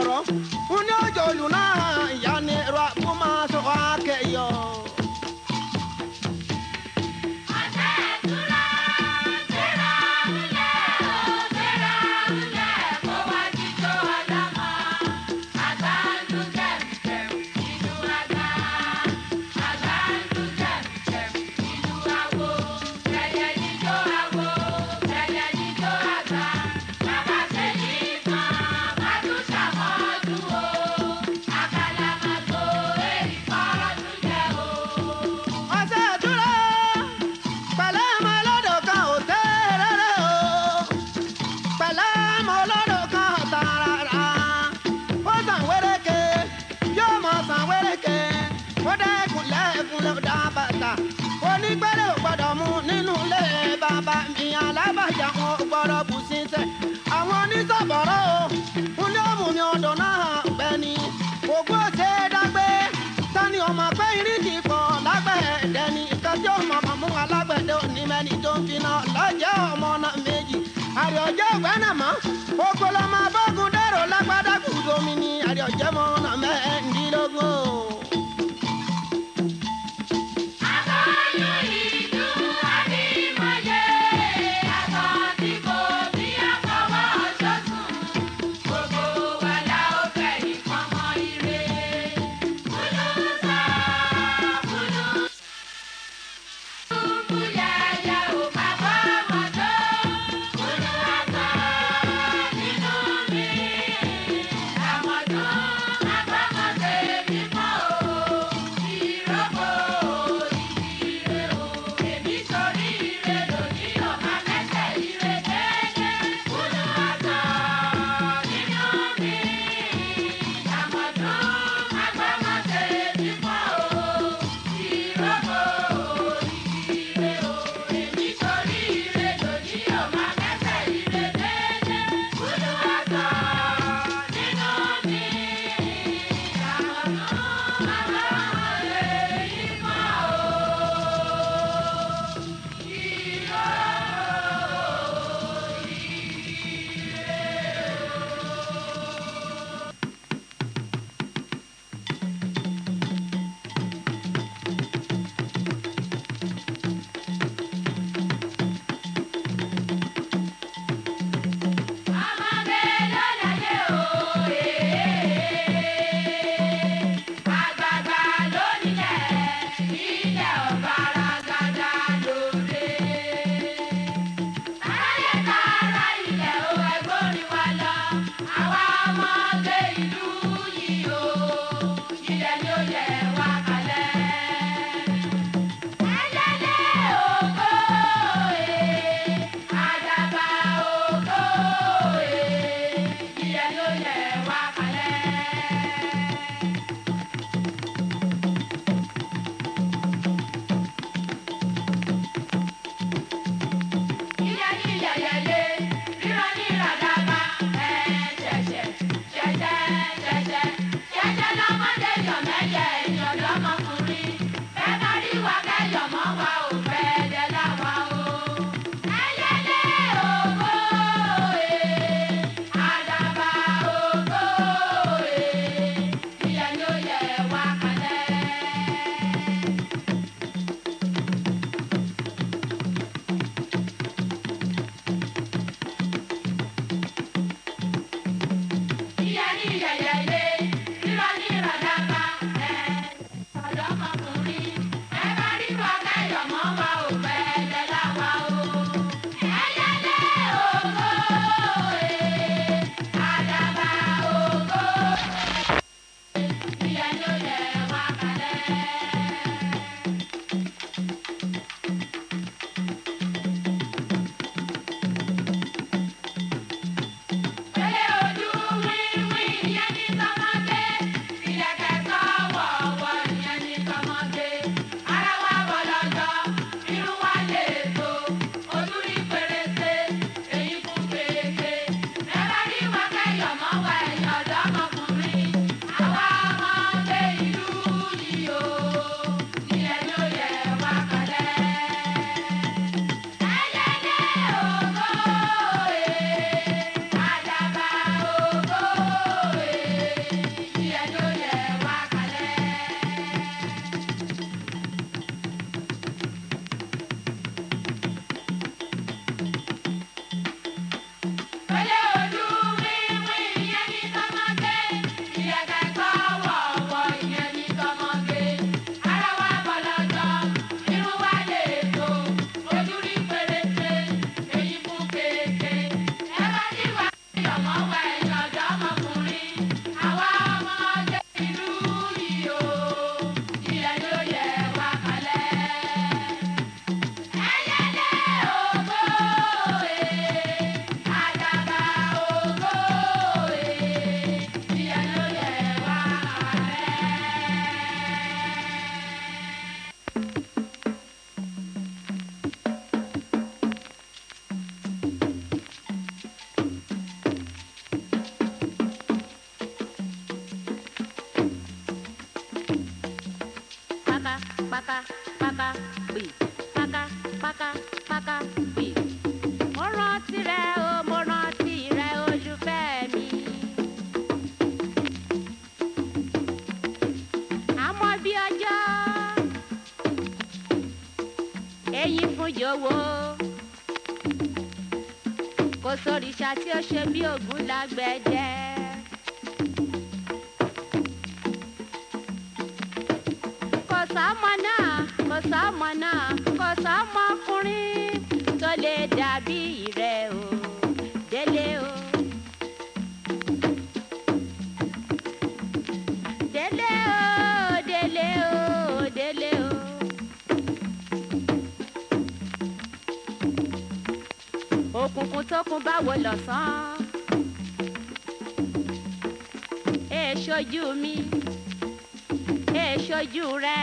ọ̀rọ̀ fún ní ọjọ́ olùnára. ọjọ́ ògbẹ́nàmọ́ ògbólọ́mọ bógun dẹ̀rọ̀ lápádákù domi ni àríọ̀jẹ́mọ́ náà. why? pákápáká pì pákápáká páká pì. mo rántí rẹ o mo rántí rẹ ojú fẹ́ mi. àmọ́ bí ọjọ́ eyín fún jọ̀wọ́ kò sóríṣà tí ó ṣe bí ògún lágbẹ̀dẹ. Samana sọ́mọ̀nà kò sọ́mọkùnrin tó lè dàbí rẹ̀ o délé o. délé o délé o délé o. òkùnkùn tó kún báwo lọ́sàn-án. ṣojú mi èè ṣojú rẹ.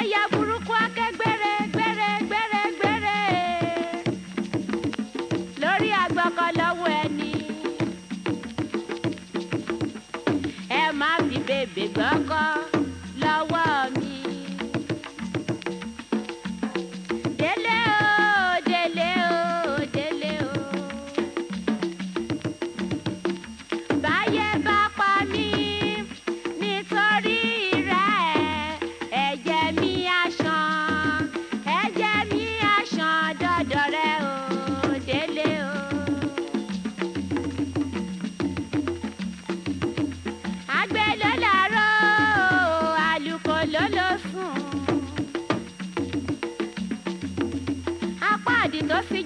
ẹ̀yà burúkú akẹ́gbẹ́rẹ́ gbẹ́rẹ́ gbẹ́rẹ́ gbẹ́rẹ́ lórí àgbọ̀kọ̀ lọ́wọ́ ẹni ẹ má fi bèbè gbọ́kọ́.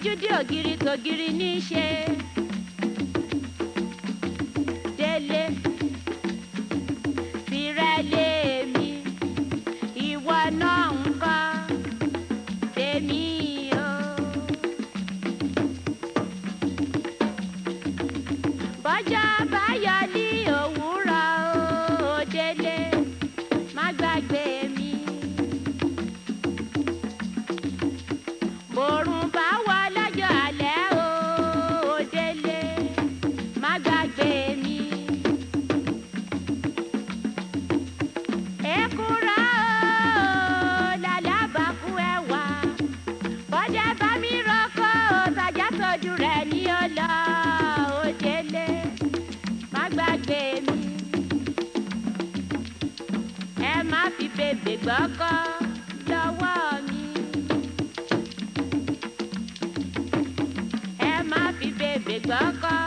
ojú dé ògiri tògiri ní í ṣe. ebè gbọ́kọ́ lọ́wọ́ mi. ẹ má fi bèbè gbọ́kọ́.